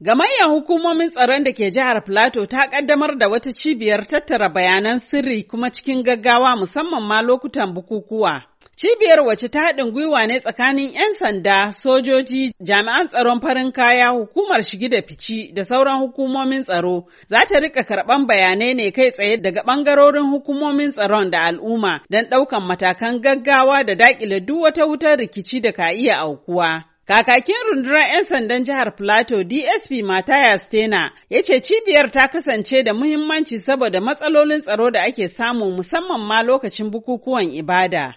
Gamayyar hukumomin tsaron da ke jihar Filato ta kaddamar da wata cibiyar tattara bayanan sirri kuma cikin gaggawa musamman ma lokutan bukukuwa. Cibiyar wace ta haɗin gwiwa ne tsakanin 'yan sanda, sojoji, jami'an tsaron farin kaya, hukumar shigi da fici da sauran hukumomin tsaro za ta rika karɓan bayanai ne kai tsaye daga ɓangarorin hukumomin tsaron da al'umma don ɗaukan matakan gaggawa da daƙile duk wata wutar rikici da ka iya aukuwa. Kakakin rundunar 'yan sandan jihar Plateau DSP Mataya Stena ya ce cibiyar ta kasance da muhimmanci saboda matsalolin tsaro da ake samu musamman ma lokacin bukukuwan ibada.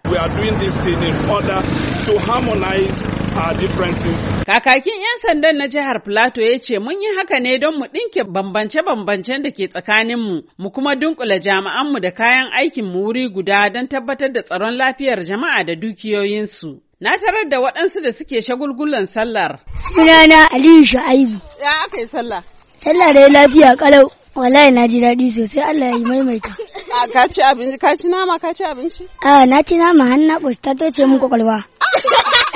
Kakakin 'yan sandan na jihar Plateau ya ce mun yi haka ne don mu ɗinke bambance-bambancen da ke tsakaninmu, mu kuma dunkula jami'anmu da kayan aikin mu wuri guda don tabbatar da tsaron lafiyar jama'a da dukiyoyinsu. Na tarar da waɗansu da suke shagulgulan sallar. Sunana Aliyu Shu'aibu. Ya aka yi sallah. Sallah da lafiya kalau. Wallahi na ji daɗi sosai Allah ya maimaita. A ka ci abinci, ka ci nama, ka ci abinci? A ah, na ci nama har na ta ce min kwakwalwa.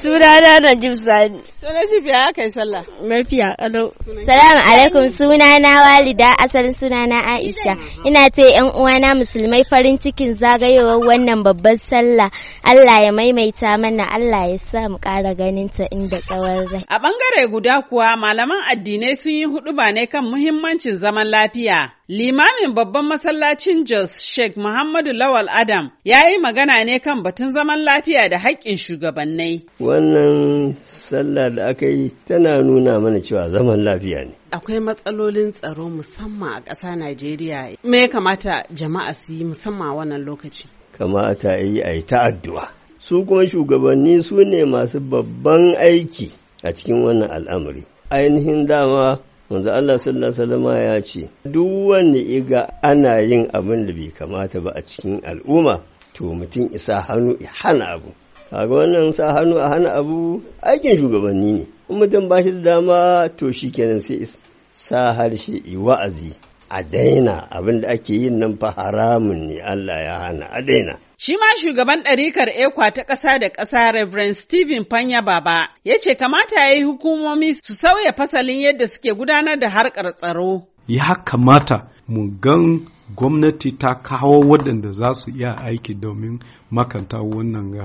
Sunana na Najib Sani. Sunan shi fiya sallah. Mafiya Salamu alaikum sunana Walida asalin sunana Aisha. Ina ce yan uwana musulmai farin cikin zagayowar wannan babban sallah. Allah ya maimaita mana Allah ya sa mu ƙara ganin ta inda tsawon rai. A bangare guda kuwa malaman addinai sun yi huɗuba ne kan muhimmancin zaman lafiya. Limamin babban masallacin Jos Sheikh Muhammadu Lawal Adam ya yi magana ne kan batun zaman lafiya da haƙƙin shugabannai. Wannan sallah da aka yi tana nuna mana cewa zaman lafiya ne. Akwai matsalolin tsaro musamman a ƙasa Najeriya. Me ya kamata jama'a su yi musamman a wannan lokaci? Kamata a yi ayi yi ta'addu'a. Su kuma shugabanni su ne masu babban aiki a cikin wannan al'amari. Ainihin dama manzo Allah sallallahu alaihi wasallam ya ce duk wanda iga ana yin abin da bai kamata ba a cikin al'umma to mutum isa hannu ya hana abu kaga wannan sa hannu a hana abu aikin shugabanni ne in mutum ba shi da dama to shikenan sai sa harshe yi wa'azi a daina abin da ake yin nan fa haramun ne Allah ya hana a daina. Shi ma shugaban ɗarikar ekwa ta ƙasa da ƙasa Reverend Stephen Panya Baba ya ce kamata ya yi hukumomi su sauya fasalin yadda suke gudanar da harkar tsaro. Ya kamata mu gan gwamnati ta kawo waɗanda za su iya aiki domin makanta wannan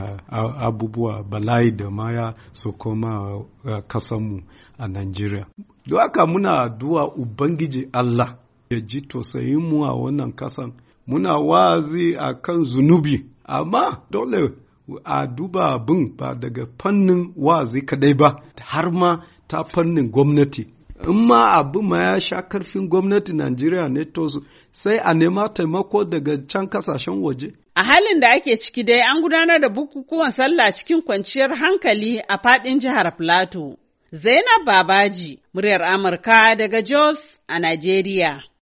abubuwa bala'i da maya su koma kasanmu a Najeriya. Duwaka muna addu'a Ubangiji Allah ya ji tausayin mu a wannan kasan muna wazi a kan zunubi amma dole a duba abin ba daga fannin wazi kadai ba har ma ta fannin gwamnati in ma abin ma ya sha karfin gwamnati Najeriya ne to sai a nema taimako daga can kasashen waje. A halin da ake ciki dai an gudanar da bukukuwan sallah cikin kwanciyar hankali a fadin jihar Plateau. Zainab Babaji, muryar Amurka daga Jos a Najeriya.